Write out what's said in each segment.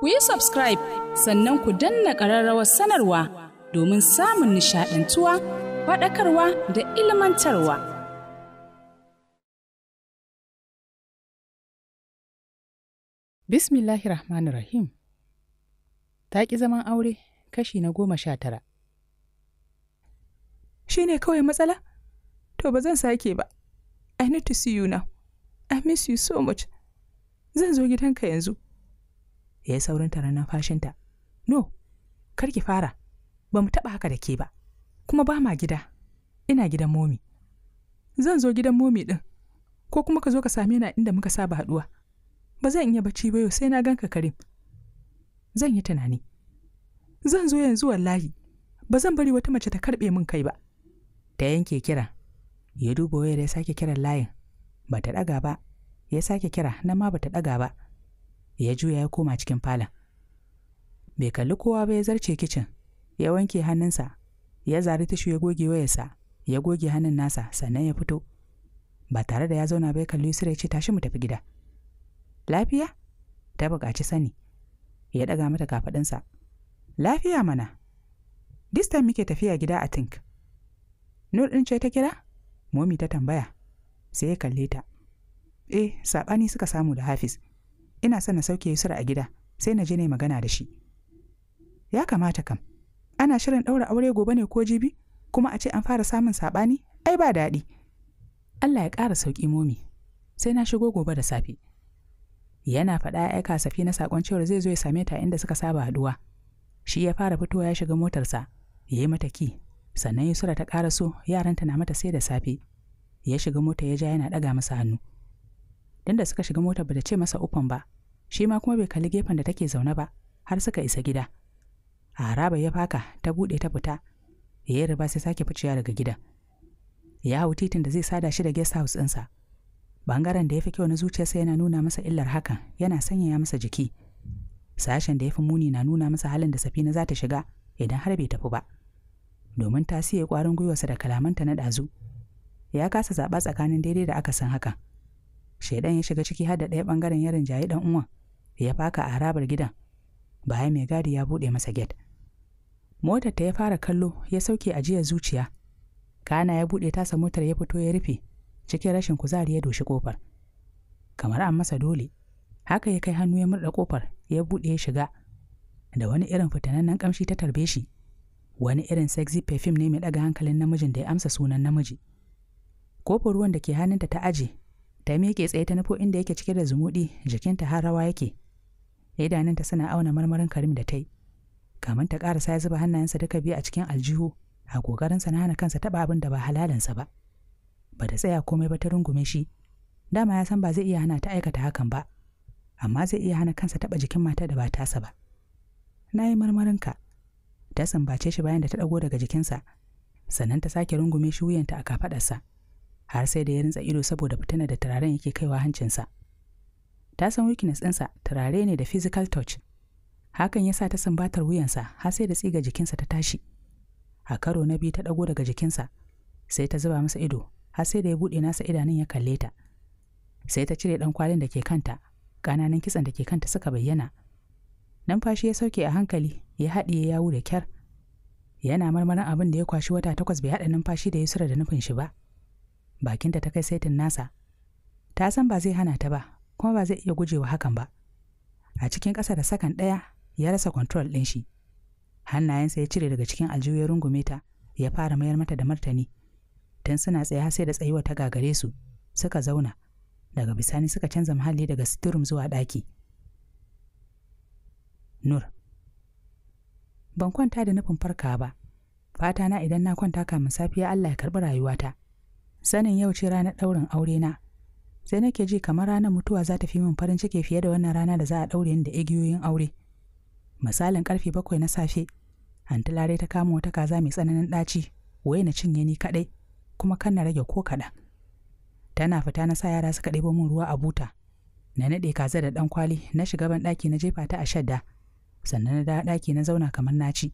ku yi subscribe sannan ku danna ƙararrawar sanarwa domin samun nishaɗantuwa faɗakarwa da ilmantarwa. Bismillahi Rahmanir Rahim Ta ƙi zaman aure kashi na goma sha tara. Shi ne kawai matsala? To ba zan sake ba. I need to see you now. I miss you so much. Zan zo gidanka yanzu. ya yi saurin taron numfashinta no kar ki fara ba mu taɓa haka da ke ba kuma ba ma gida ina gidan momi zan zo gidan momi ɗin ko kuma ka zo ka same ni inda muka saba haɗuwa ba zan iya bacci ba yau sai na ganka karim zan yi tunani zan zo yanzu wallahi ba zan bari wata mace ta karɓe min kai ba ta yanke kira ya duba wayar ya sake kiran layin ba ta ɗaga ba ya sake kira na ma ba ta ɗaga ba ya juya ya koma cikin falon bai kalli kowa ba ya zarce kicin ya wanke hannunsa ya zari tishu ya goge wayarsa ya goge hannun nasa sannan ya fito ba tare da ya zauna ba ya kalli su ya ce tashi mu tafi gida lafiya ta buƙaci sani ya ɗaga mata kafaɗinsa lafiya mana Distan muke tafiya gida a tink. nur ɗin ce ta kira momi ta tambaya sai ya kalle ta eh saɓani suka samu da hafiz ina son na sauke Yusra a gida sai na je ne magana da shi ya kamata kam ana shirin ɗaura aure gobe ne ko jibi kuma a ce an fara samun saɓani ai ba daɗi Allah ya ƙara sauƙi momi sai na shigo gobe da safe yana faɗa ya aika safi na saƙon cewar zai zo ya same ta inda suka saba haɗuwa shi ya fara fitowa ya shiga motarsa ya yi mata ki sannan ya ta ƙara so yaranta na mata sai da safe ya shiga mota ya ja yana ɗaga masa hannu don da suka shiga motar bata ce masa ufan ba shi ma kuma bai kalli gefen da take zaune ba har suka isa gida a haraba ya faka ta bude ta fita ya yi riba sai sake ficewa daga gidan ya hau titin da zai sada shi da guest house ɗinsa bangaren da ya fi kyau na zuciyarsa yana nuna masa illar hakan yana sanyaya masa jiki sashen da ya fi muni na nuna masa halin da safina za ta shiga idan har bai tafi ba domin ta siye kwarin gwiwarsa da kalamanta na ɗazu ya kasa zaɓa tsakanin daidai da aka san hakan shaidan ya shiga ciki har da ɗaya ɓangaren ya rinjayi ɗan uwan ya faka a harabar gidan bayan mai gadi ya buɗe masa get motar ta ya fara kallo ya sauke ajiyar zuciya kana ya buɗe tasa motar ya fito ya rufe cikin rashin kuzari ya doshi kofar kamar an masa dole haka ya kai hannu ya murda kofar ya buɗe ya shiga da wani irin fitanannen kamshi ta tarbe shi wani irin sexy perfume ne mai ɗaga hankalin namijin da ya amsa sunan namiji kofar ruwan da ke hannunta ta aje ta miƙe tsaye ta nufo inda yake cike da zumuɗi jikinta har rawa yake idanunta suna auna marmarin karim da ta yi kamar ta ƙarasa ya zuba hannayensa duka biyu a cikin aljihu a ƙoƙarinsa na hana kansa taɓa abin da ba halalinsa ba ba ta tsaya komai ba ta rungume shi dama ya san ba zai iya hana ta aikata hakan ba amma zai iya hana kansa taɓa jikin mata da ba tasa ba na yi marmarin ka. ta sambace shi bayan da ta ɗago daga jikinsa sannan ta sake rungume shi wuyanta a kafaɗarsa. har sai da ya rintsa ido saboda fitinar da turaren yake kaiwa hancinsa. Ta san weakness ɗinsa turare ne da physical touch. Hakan ya sa ta sambatar wuyansa har sai da tsiga jikinsa ta tashi. A karo na biyu ta ɗago daga jikinsa, sai ta zuba masa ido har sai da ya buɗe nasa idanun ya kalle ta. Sai ta cire ɗan kwalin da ke kanta, ƙananan kitsan da ke kanta suka bayyana. Numfashi ya sauke a hankali, ya haɗiye yawu da kyar. Yana marmarin abin da ya kwashi wata takwas bai haɗa numfashi da sura da nufin shi ba. bakinta ta kai saitin nasa ta san ba zai hana ta ba kuma ba zai iya gujewa hakan ba a cikin ƙasa da sakan ɗaya ya rasa kontrol ɗin shi hannayensa ya cire daga cikin aljihu ya rungume ta ya fara mayar mata da martani tun suna tsaye sai da tsayuwa ta gagare su suka zauna daga bisani suka canza muhalli daga sturm zuwa ɗaki nur ban kwanta da nufin farka ba fata na idan na kwanta kamin safiya allah ya karɓi rayuwata sanin yau ce ranar ɗaurin aure na sai nake ji kamar ranar mutuwa za ta fi min farin ciki fiye da wannan rana da za a ɗaure ni da igiyoyin aure misalin karfe bakwai na safe antilare ta kama wata kaza mai tsananin ɗaci waye na cinye ni kaɗai kuma kan na rage ko kaɗan tana fita na sa yara suka ɗebo min ruwa a buta na naɗe kaza da ɗan kwali na shiga ban ɗaki na jefa ta a shadda sannan na dawo ɗaki na zauna kamar naci.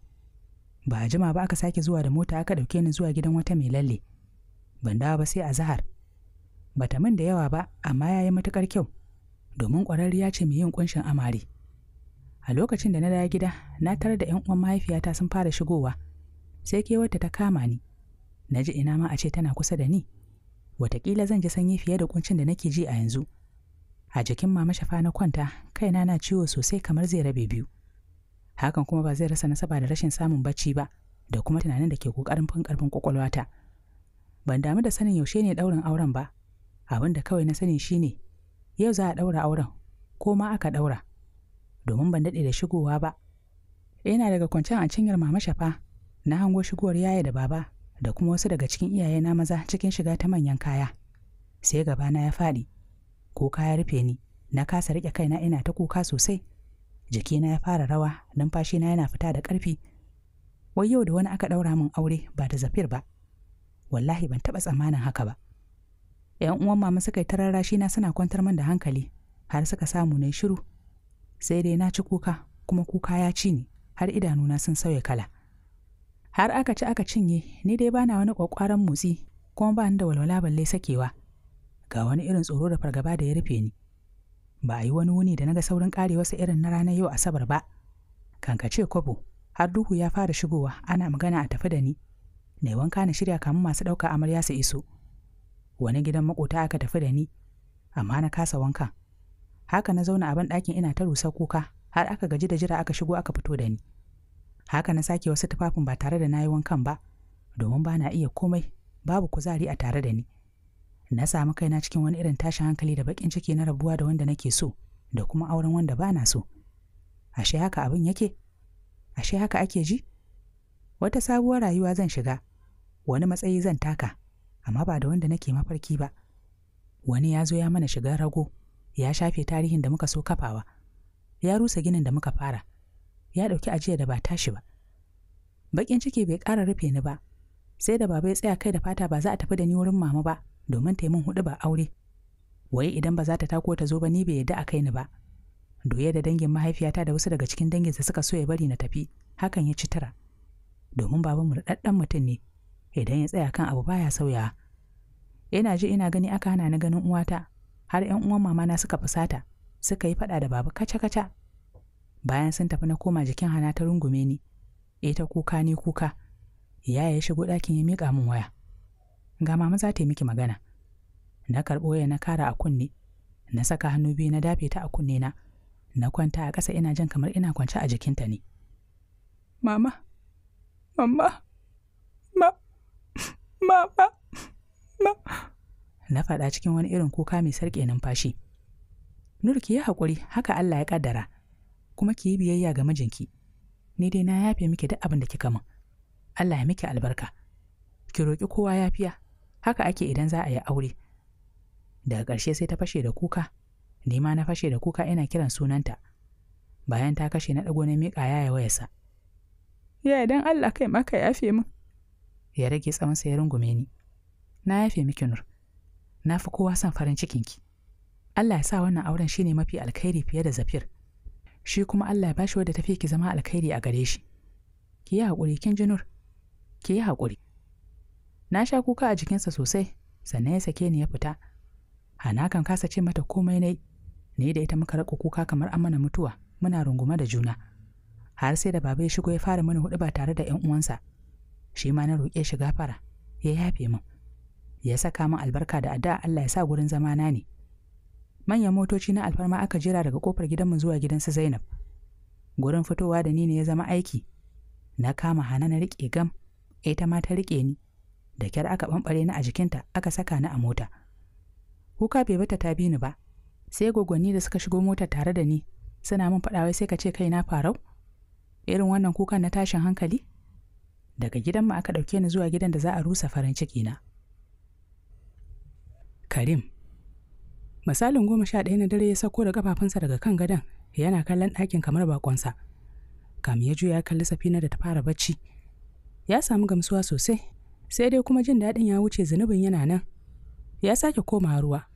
ba a jima ba aka sake zuwa da mota aka ɗauke ni zuwa gidan wata mai lalle ban dawo ba sai a zahar bata min da yawa ba amma ya yi matuƙar kyau domin ƙwararriya ce mai yin ƙunshin amare a lokacin da na dawo gida na tarar da 'yan uwan mahaifiyata sun fara shigowa sai ke wata ta kama ni na ji ina ma a ce tana kusa da ni wataƙila zan ji sanyi fiye da kuncin da nake ji a yanzu a jikin mama shafa na kwanta kaina na ciwo sosai kamar zai rabe biyu hakan kuma ba zai rasa nasaba da rashin samun bacci ba da kuma tunanin da ke ƙoƙarin fin ƙarfin ƙwaƙwalwata. ban damu da sanin yaushe ne ɗaurin auren ba abin da kawai na sani shine yau za a ɗaura auren ko ma aka ɗaura domin ban daɗe da shigowa ba yana daga kwancen a cinyar mama shafa na hango shigowar yaya da baba da kuma wasu daga cikin iyaye na maza cikin shiga ta manyan kaya sai gabana ya faɗi ko ya rufe ni na kasa riƙe kaina ina ta kuka sosai jikina ya fara rawa numfashina yana fita da ƙarfi wai yau da wani aka ɗaura min aure ba da zafir ba wallahi ban taɓa tsammanin haka ba yan uwan mama suka yi tararashi na suna kwantar min da hankali har suka samu na shiru sai dai na ci kuka kuma kuka ya ci ni har idanuna sun sauya kala har aka ci aka cinye ni dai bana wani kwakwaran motsi kuma ba ni da walwala balle sakewa ga wani irin tsoro da fargaba da ya rufe ni ba a yi wani wuni da naga ga saurin wasu irin na ranar yau asabar ba kankace kwabo har duhu ya fara shigowa ana magana a tafi da ni nai wanka na shirya kamun masu ɗauka amarya su iso wani gidan makota aka tafi da ni amma na kasa wanka. haka na zauna a banɗakin ɗakin ina ta rusa kuka har aka gaji da jira aka shigo aka fito da ni haka na sake wasu tufafin ba tare da na yi wankan ba domin ba na iya komai babu kuzari a tare da ni na samu kaina cikin wani irin tashin hankali da bakin ciki na rabuwa da wanda nake so da kuma auren wanda ba na so ashe haka abin yake ashe haka ake ji wata sabuwar rayuwa zan shiga wani matsayi zan taka amma ba da wanda nake mafarki ba wani ya zo ya mana shiga rago ya shafe tarihin da muka so kafawa ya rusa ginin da muka fara ya ɗauki ajiya da ba tashi ba baƙin ciki bai ƙara rufe ni ba sai da baba ya tsaya kai da fata ba za a tafi da ni wurin mama ba domin ta min huɗu ba aure wai idan ba za ta tako ta zo ba ni bai yadda a kai ni ba doye da dangin mahaifiyata da wasu daga cikin danginsa suka so ya bari na tafi hakan ya ci tara domin babanmu da ɗaɗɗan mutum ne idan ya tsaya kan abu baya sauya ina ji ina gani aka hana ni ganin uwata har yan uwan mama na suka fusata suka yi faɗa da babu kaca kaca bayan sun tafi na koma jikin hana ta rungume ni ita kuka ni kuka yaya ya shigo ɗakin ya mika min waya ga mama za ta yi miki magana na karɓo ya na kara a kunne na saka hannu biyu na dafe ta a kunne na na kwanta a ƙasa ina jin kamar ina kwance a jikinta ne mama Mama, ma, ma, ma, Na faɗa cikin wani irin kuka mai sarƙe numfashi. Nur ki yi haƙuri, haka Allah ya ƙaddara, kuma ki yi biyayya ga mijinki. Ni dai na yafe miki duk abin da kika min. Allah ya miki albarka. Ki roki kowa yafiya, haka ake idan za a yi aure. Daga ƙarshe sai ta fashe da kuka, ni ma na fashe da kuka ina kiran sunanta. Bayan ta kashe na ɗago na miƙa yi wayarsa. ya don Allah kai ma ka yafe min. Ya rage tsawonsa ya rungume ni. Na yafe miki Nur. Na fi kowa son farin cikin ki. Allah ya sa wannan auren shine mafi alkhairi fiye da zafir. Shi kuma Allah ya bashi wadda tafi ki zama alkhairi a gare shi. Ki yi hakuri kin ji Nur. Ki yi hakuri. Na sha kuka a jikinsa sosai, sannan ya sake ni ya fita. Hana kan kasa ce mata komai yi. ni da ita muka raƙa kuka kamar an mana mutuwa, muna rungume da juna. har sai da baba ya shigo ya fara mini hudu ba tare da yan uwansa shi ma na roƙe shi gafara ya yafe min ya saka min albarka da addu'a Allah ya sa gurin zama na ne manyan motoci na alfarma aka jira daga kofar gidanmu zuwa gidan su Zainab gurin fitowa da ni ne ya zama aiki na kama hana na riƙe gam ita ma ta riƙe ni da kyar aka bambare ni a jikinta aka saka ni a mota kuka bai bata ta bi ni ba sai gogonni da suka shigo motar tare da ni suna min faɗa wai sai ka ce kai na farau irin wannan kukan na tashin hankali daga gidan gidanmu aka ɗauke ni zuwa gidan da za a rusa farin ciki na karim misalin goma sha ɗaya na dare ya sauko da kafafunsa daga kan gadon yana kallon ɗakin kamar bakonsa kam ya juya kalli safina da ta fara bacci ya samu gamsuwa sosai sai dai kuma jin daɗin ya wuce zunubin yana nan ya sake koma ruwa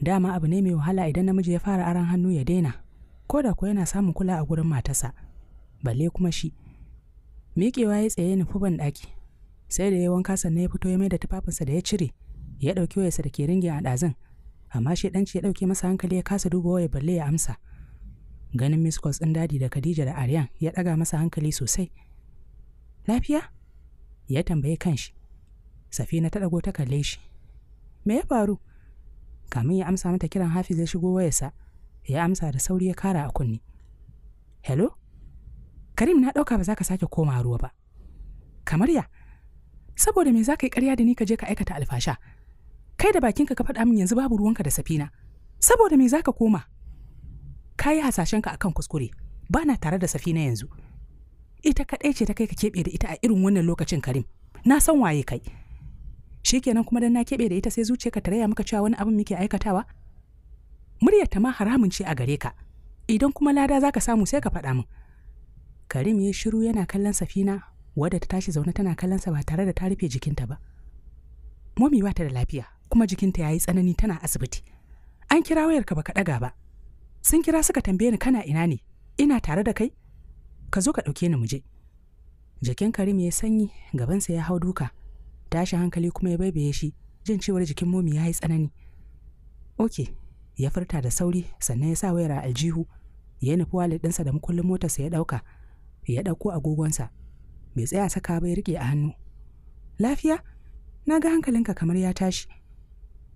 dama abu ne mai wahala idan namiji ya fara aran hannu ya daina ko da ko yana samun kula a gurin matarsa balle kuma shi miƙewa ya tsaye nufi ban ɗaki sai da ya wanka sannan ya fito ya mai da tufafinsa da ya cire ya ɗauki wayarsa da ke ringin a ɗazin amma shi ɗanci ya ɗauke masa hankali ya kasa duba waya balle ya amsa ganin miss cos ɗin dadi da khadija da aryan ya ɗaga masa hankali sosai lafiya ya tambaye kanshi safina ta ɗago ta kalle shi me ya faru kamin ya amsa mata kiran hafiz ya shigo wayarsa ya amsa da sauri ya kara a kunni hello karim na ɗauka ba za ka sake koma ruwa ba kamar ya saboda me za ka yi ƙarya da ni ka je ka aikata alfasha kai da bakinka ka faɗa min yanzu babu ruwanka da safina saboda me za ka koma ka yi hasashenka akan kuskure ba na tare da safina yanzu ita kaɗai ce ta kai ka keɓe da ita a irin wannan lokacin karim na san waye kai shi shikenan kuma dan na keɓe da ita sai zuciya ka tarayya maka cewa wani abin muke aikatawa muryar ta ma haramun ce a gare ka idan kuma lada za ka samu sai ka faɗa min Karim ya shiru yana kallon Safina wadda ta tashi zaune tana kallon sa ba tare da ta rufe jikinta ba. Momi ba ta da lafiya kuma jikinta ya yi tsanani tana asibiti. An kira wayar wayarka baka ɗaga ba. Sun kira suka tambaye ni kana ina ne? Ina tare da kai? Ka zo ka ɗauke ni mu je. Jikin Karim ya sanyi gabansa ya hau duka. Tashi hankali kuma ya baibaye shi jin cewar jikin momi ya yi tsanani. Oke, ya furta da sauri sannan ya sa wayar a aljihu ya nufi walid ɗinsa da mukullin motarsa ya ɗauka. ya ɗauko agogonsa bai tsaya saka ba ya riƙe a hannu lafiya na ga hankalinka kamar ya tashi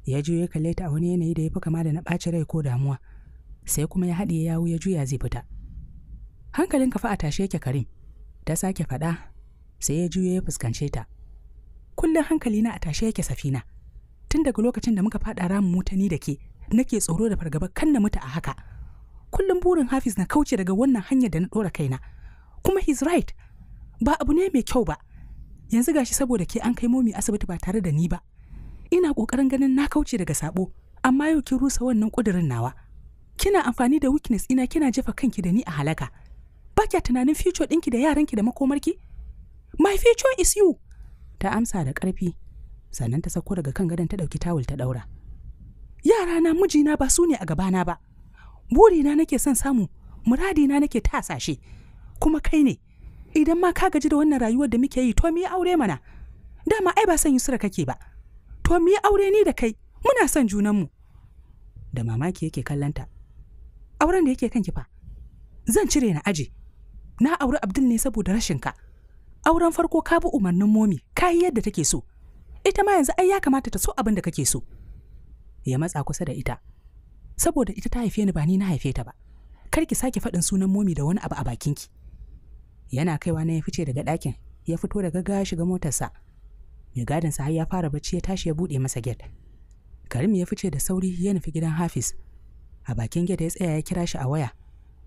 ya juyo kalle ta a wani yanayi da ya fi kama da na ɓaci rai ko damuwa sai kuma ya haɗiye yawo ya juya zai fita hankalinka fa a tashe yake karim ta sake faɗa sai ya juyo ya fuskance ta kullum na a tashe yake safina tun daga lokacin da muka faɗa ramin ni da ke nake tsoro da fargaba kan na mutu a haka kullum burin hafiz na kauce daga wannan hanyar da na ɗora kaina kuma he's right ba abu ne mai kyau ba yanzu gashi saboda ke an kai momi asibiti ba tare da ni ba ina kokarin ganin na kauce daga sabo amma yau kin rusa wannan kudirin nawa kina amfani da weakness ina kina jefa kanki da ni a halaka ba kya tunanin future dinki da yaranki da makomarki my future is you ta amsa da karfi. sannan ta sako daga kan gadon ta dauki tawul ta daura. yara na mijina ba su ne a gabana ba burina nake son samu muradina nake tasashe kuma kai ne idan ma ka gaji da wannan rayuwar da muke yi to mu yi aure mana dama ai ba son yusra kake ba to mu yi aure ni da kai muna son junanmu da mamaki yake kallanta auren da yake kan fa zan cire na aji na auri abdul ne saboda rashin ka auren farko ka bi umarnin momi ka yi yadda take so ita ma yanzu ai ya kamata ta so abin da kake so ya matsa kusa da ita saboda ita ta haife ni ba ni na haife ta ba kar ki sake faɗin sunan momi da wani abu a bakinki ki yana kaiwa na ya fice daga ɗakin ya fito daga ga shiga motarsa mai gadinsa har ya fara bacci ya tashi ya buɗe masa get karim ya fice da sauri ya nufi gidan hafiz a bakin get ya tsaya ya kira shi a waya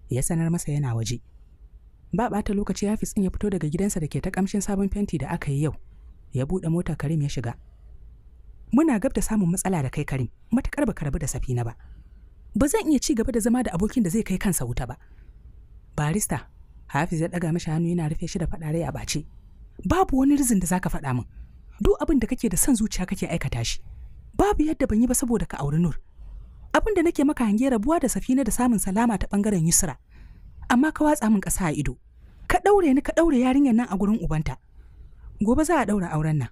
ya sanar masa yana waje ba ɓata lokaci hafiz ɗin ya fito daga gidansa da ke ta ƙamshin sabon fenti da aka yi yau ya buɗe mota karim ya shiga muna gab da samun matsala da kai karim matakar baka rabu da safina ba ba zan iya ci gaba da zama da abokin da zai kai kansa wuta ba barista hafiz ya daga mashi hannu yana rufe shi da faɗarai rai a bace. babu wani rizin da zaka faɗa min duk abin da kake da son zuciya kake aikata shi babu yadda ban yi ba saboda ka auri nur abin da nake maka hange rabuwa da safina da samun salama ta bangaren yusra amma ka watsa min kasa a ido ka daure ni ka daure yarinyar nan a gurin ubanta gobe za a daura auren nan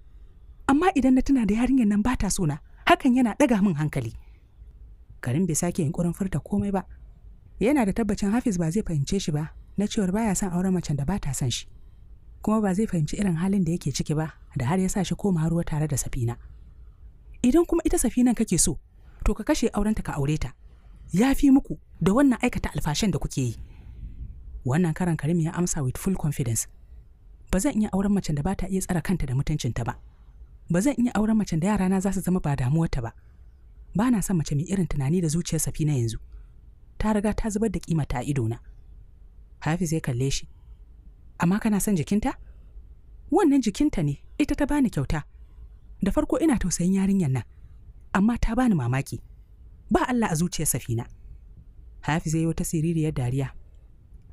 amma idan na tuna da yarinyar nan bata sona hakan yana daga min hankali karim bai sake yunkurin furta komai ba yana da tabbacin hafiz ba zai fahimce shi ba na cewar baya son auren macen da ba ta son shi kuma ba zai fahimci irin halin da yake ciki ba da har ya sa shi koma ruwa tare da safina idan kuma ita safinan kake so to ka kashe aurenta ka aure ta ya fi muku da wannan aikata alfashin da kuke yi wannan karan karim ya amsa with full confidence ba zan iya auren macen da ba ta iya tsara kanta da mutuncinta ba ba zan iya auren macen da yarana za su zama ba damuwarta ba ba na son mace mai irin tunani da zuciyar safina yanzu ta riga ta zubar da kima ta idona. na Hafi zai kalle shi amma kana son jikinta wannan jikinta ne ita ta bani kyauta da farko ina tausayin yarinyar nan amma ta bani mamaki ba Allah a zuciyar safina Hafi zai yi wata siririyar dariya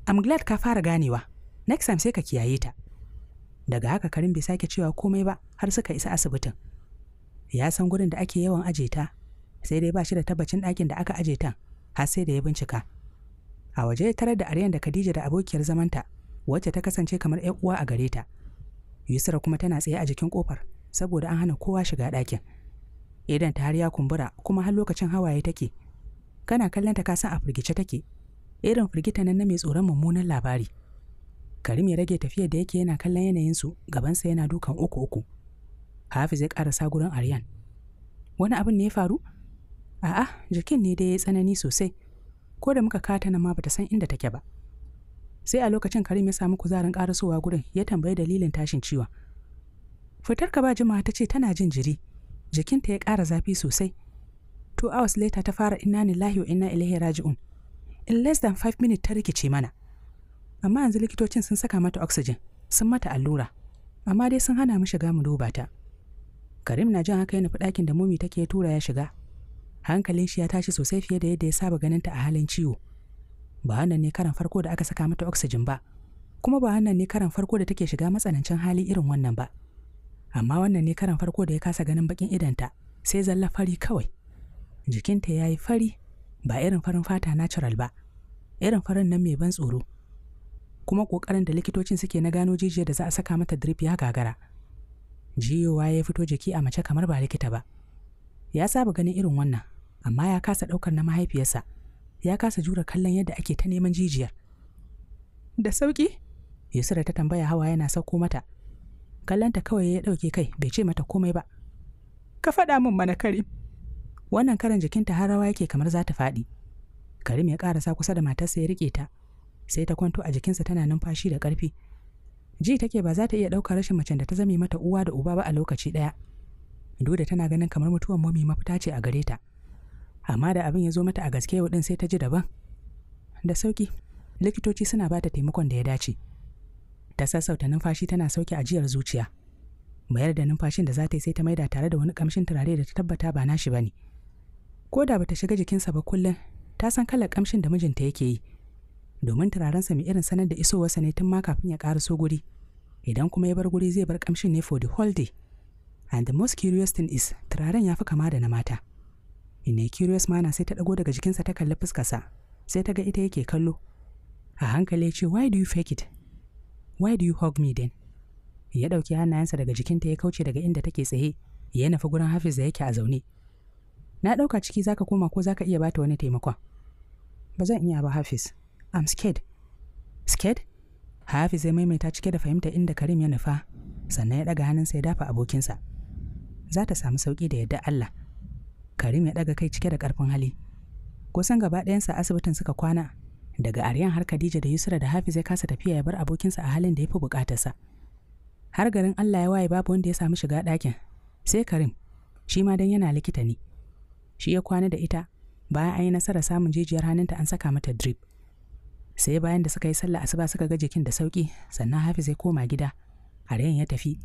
am glad ka fara ganewa next time sai ka kiyaye ta daga haka karim bai sake cewa komai ba har suka isa asibitin ya san gurin da ake yawan aje ta sai dai ba shi da tabbacin ɗakin da aka aje ta har sai da ya bincika a waje ya tarar da aryan da khadija da abokiyar zamanta wacce ta kasance kamar yan uwa a gare ta yusra kuma tana tsaye a jikin kofar saboda an hana kowa shiga ɗakin idan ta har ya kumbura kuma har lokacin hawaye take kana kallon ta kasan a firgice take irin firgita nan na mai tsoron mummunan labari karim ya rage tafiyar da yake yana kallon yanayinsu gabansa yana dukan uku uku hafiz ya karasa gurin aryan wani abin ne ya faru a'a jikin ne dai ya tsanani sosai ko da muka kata nan ma bata san inda take ba sai a lokacin karim ya samu kuzarin karasowa gurin ya tambayi dalilin tashin ciwon fitar ka ba jimawa ta ce tana jin jiri jikinta ya ƙara zafi sosai two hours later ta fara inna lillahi wa inna ilaihi raji'un in less than five minutes ta rikice mana amma yanzu likitocin sun saka mata oxygen sun mata allura amma dai sun hana mu shiga mu duba ta karim na jin haka ya fi ɗakin da momi take tura ya shiga hankalin shi ya tashi sosai fiye da yadda ya saba ganin ta a halin ciwo ba wannan ne karan farko da aka saka mata oxygen ba kuma ba wannan ne karan farko da take shiga matsanancin hali irin wannan ba amma wannan ne karan farko da ya kasa ganin bakin idanta sai zalla fari kawai jikinta ya yi fari ba irin farin fata natural ba irin farin nan mai ban tsoro kuma ƙoƙarin da likitocin suke na gano jijiyar da za a saka mata drip ya gagara jiyowa ya fito jiki a mace kamar ba likita ba ya saba ganin irin wannan amma ya kasa ɗaukar na mahaifiyarsa ya kasa jura kallon yadda ake ta neman jijiyar da sauki yusra ta tambaya hawa yana sauko mata kallonta kawai ya ɗauke kai bai ce mata komai ba ka faɗa min mana karim wannan karan jikinta har rawa yake kamar za ta faɗi karim ya ƙarasa kusa da matarsa ya riƙe ta sai ta kwanto a jikinsa tana numfashi da ƙarfi ji take ba za ta iya ɗaukar rashin macen da ta zame mata uwa da uba ba a lokaci ɗaya da tana ganin kamar mutuwar momi mafita ce a gare ta. Amma da abin ya zo mata a gaske yau din sai ta ji daban. Da sauki, likitoci suna bata taimakon da ya dace. Ta sassauta numfashi tana sauke ajiyar zuciya. Bayar da numfashin da za ta yi sai ta maida tare da wani kamshin turare da ta tabbata ba nashi ba ne. Ko da bata shiga jikinsa ba kullum, ta san kalar kamshin da mijinta yake yi. Domin turaren sa mai irin sanar da isowarsa ne tun ma kafin ya ƙara so guri. Idan kuma ya bar guri zai bar kamshin ne for the whole day. And the most curious thing is, turaren ya fi kama da na mata. In a curious mana sai ta dago daga jikinsa ta kalli fuskarsa, sai ta ga ita yake kallo. A hankali ya ce, Why do you fake it? Why do you hug me then? Ya ɗauki hannayensa daga jikinta ya kauce daga inda take tsaye, ya nufi gurin Hafiz da yake a zaune. Na ɗauka ciki zaka koma ko zaka iya bata wani taimakon. Ba zan iya ba Hafiz. I'm scared. Scared? Hafiz ya maimaita cike da fahimta inda Karim ya nufa, sannan ya ɗaga hannunsa ya dafa abokinsa. za ta samu sauƙi da yadda Allah Karim ya ɗaga kai cike da ƙarfin hali kusan gaba ɗayansa asibitin suka kwana daga Aryan har Khadija da Yusra da Hafiz ya kasa tafiya ya bar abokinsa a halin da ya fi buƙatarsa har garin Allah ya waye babu wanda ya samu shiga ɗakin sai Karim shi ma dan yana likita ne shi ya kwana da ita bayan an yi nasarar samun jijiyar hannunta an saka mata drip sai bayan da suka yi sallah asuba suka ga jikin da sauƙi. sannan hafiz ya koma gida aryan ya tafi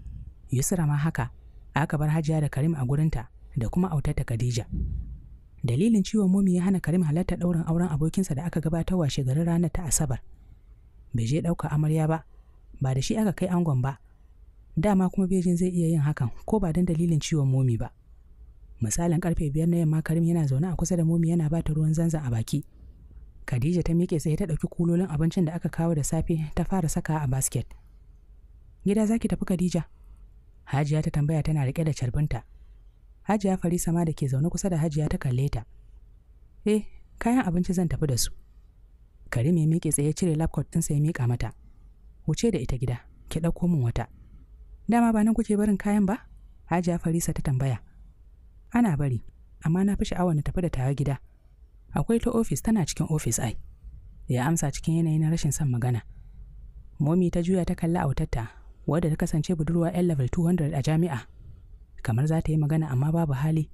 yusra ma haka aka bar hajiya da karim a gurinta da kuma autata khadija dalilin ciwon momi ya hana karim halarta ɗaurin auren abokinsa da aka gabata gabatarwa shekarun ranar ta asabar bai je ɗauka amarya ba ba da shi aka kai angon ba dama kuma bejin zai iya yin hakan ko ba don dalilin ciwon momi ba misalin karfe biyar na yamma karim yana zaune a kusa da momi yana bata ruwan zanzan a baki khadija ta miƙe tsaye ta ɗauki kulolin abincin da aka kawo da safe ta fara saka a basket gida zaki tafi khadija Hajiya ta tambaya tana riƙe da carbinta. Hajiya Farisa ma da ke zaune kusa da Hajiya ta kalle ta. Eh, kayan abinci zan tafi da su. Karim ya miƙe tsaye cire laptop ɗinsa ya miƙa mata. Wuce da ita gida, ki ɗauko min wata. Dama ba nan kuke barin kayan ba? Hajiya Farisa ta tambaya. Ana bari, amma na fi sha'awar na tafi da tawa gida. Akwai ta ofis tana cikin ofis ai. Ya amsa cikin yanayin rashin son magana. Momi ta juya ta kalli autarta wadda ta kasance budurwa 'yan level 200 a jami'a kamar za ta yi magana amma babu hali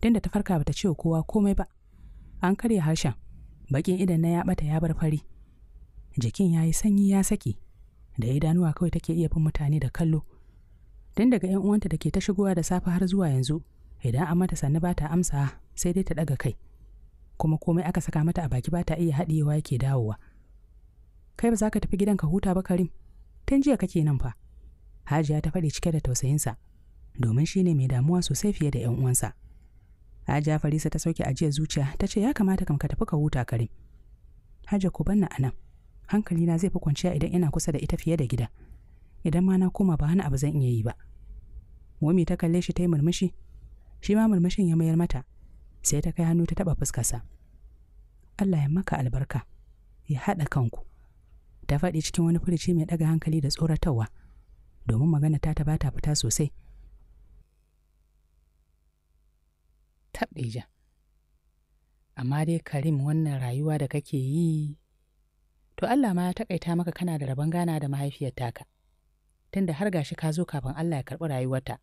tun da ta farka bata ce kowa komai ba an karya harshen bakin idan na ya bata ya bar fari jikin ya yi sanyi ya saki da ya danuwa kawai take iya bin mutane da kallo tun daga yan uwanta da ke ta shigowa da safe har zuwa yanzu idan an mata sannu ba ta amsa sai dai ta daga kai kuma komai aka saka mata a baki ba ta iya haɗiyewa yake dawowa kai ba za ka tafi gidan ka huta ba karim tun jiya kake nan fa hajiya ta faɗi cike da tausayinsa domin shi ne mai damuwa sosai fiye da 'yan uwansa hajiya farisa ta sauke ajiye zuciya ta ce ya kamata kam ka tafi ka huta karim haja ku banna a nan na zai fi kwanciya idan ina kusa da ita fiye da gida idan ma na koma ba hana abu zan iya yi ba momi ta kalle shi ta yi murmushi shi ma murmushin ya mayar mata sai ta kai hannu ta taɓa fuskarsa Allah ya maka albarka ya haɗa kanku ta faɗi cikin wani furuci mai ɗaga hankali da tsoratarwa domin magana ta ta bata fita sosai taɓeja amma dai karim wannan rayuwa da kake yi to Allah ma ya taƙaita maka kana da rabon gana da mahaifiyar taka tunda har gashi ka zo kafin Allah ya karɓi rayuwarta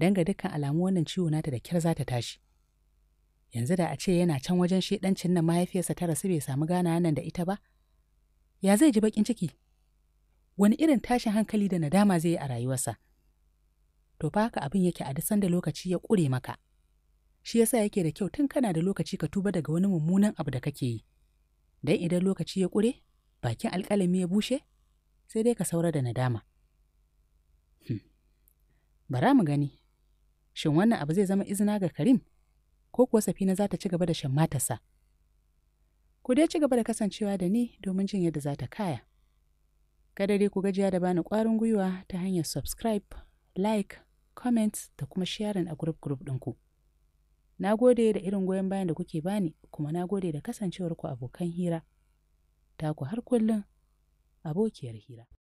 don ga dukkan alamu wannan ciwo nata da kyar za ta tashi yanzu da a ce yana can wajen shi ɗancin nan mahaifiyarsa ta rasu bai samu gana nan da ita ba ya zai ji baƙin ciki wani irin tashin hankali da nadama zai yi a rayuwarsa to fa haka abin yake a duk da lokaci ya ƙure maka shi yasa yake da kyau tun kana da lokaci ka tuba daga wani mummunan abu da kake yi dan idan lokaci ya ƙure bakin alƙalami ya bushe sai dai ka saura da nadama hmm. bara mu gani shin wannan abu zai zama izina ga karim ko kuwa safina za ta ci gaba da shan matarsa Ku dai ci gaba da kasancewa da ni domin jin yadda za ta kaya. Kada dai ku gajiya da bani ƙwarin gwiwa ta hanyar subscribe, like, comment da kuma sharing a group group ɗinku. Na gode da irin goyon bayan da kuke bani kuma na gode da kasancewarku abokan hira. ta ku har kullum abokiyar hira.